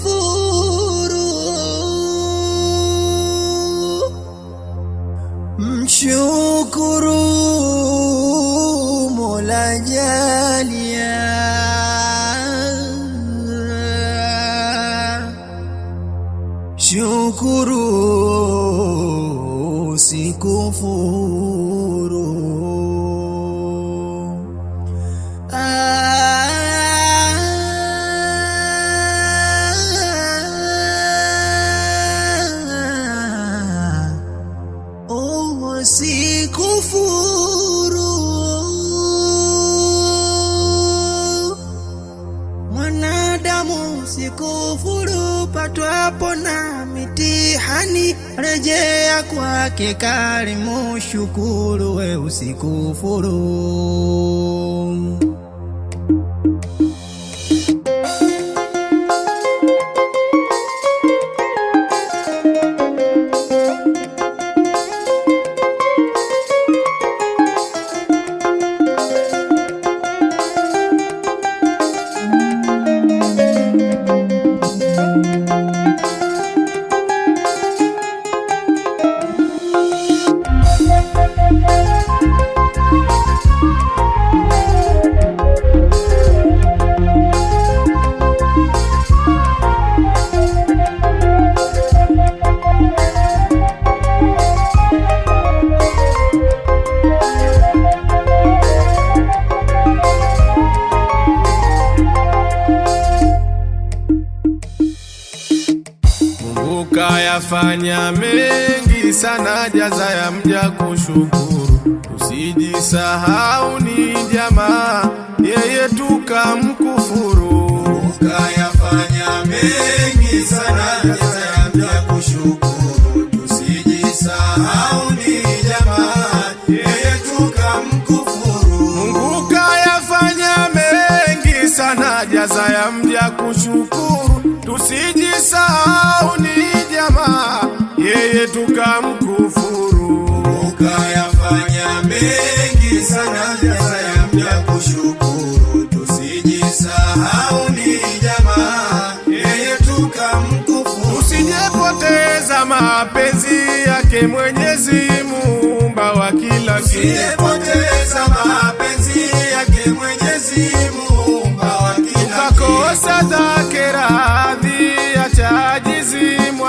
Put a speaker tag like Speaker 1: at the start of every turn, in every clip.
Speaker 1: Mkufuru, mshukuru Mola jalia, shukuru sikufuru sikufuru patwapo na mitihani, rejea kwake Karimu, shukuru we usikufuru.
Speaker 2: najaza ya mja kushukuru, usijisahau ni jamaa, yeye tukamkufuru.
Speaker 3: Ukayafanya mengi sana, najaza mja kushukuru, mengi
Speaker 2: sana, jaza ya mja kushukuru, tusijisahau ni jamaa yeye tukamkufuru.
Speaker 3: Ukayafanya mengi sana sasa ya kushukuru, tusijisahau ni jamaa yeye tukamkufuru.
Speaker 2: Usijepoteza mapenzi yake Mwenyezi Muumba wa kila
Speaker 3: kitu, ukakosa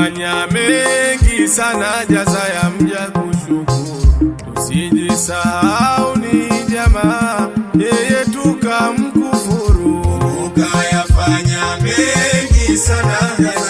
Speaker 2: Tumefanya mengi sana, jaza ya mja kushukuru. Tusijisahau ni jamaa, yeye tukamkufuru.
Speaker 3: Ukayafanya mengi sana, jaza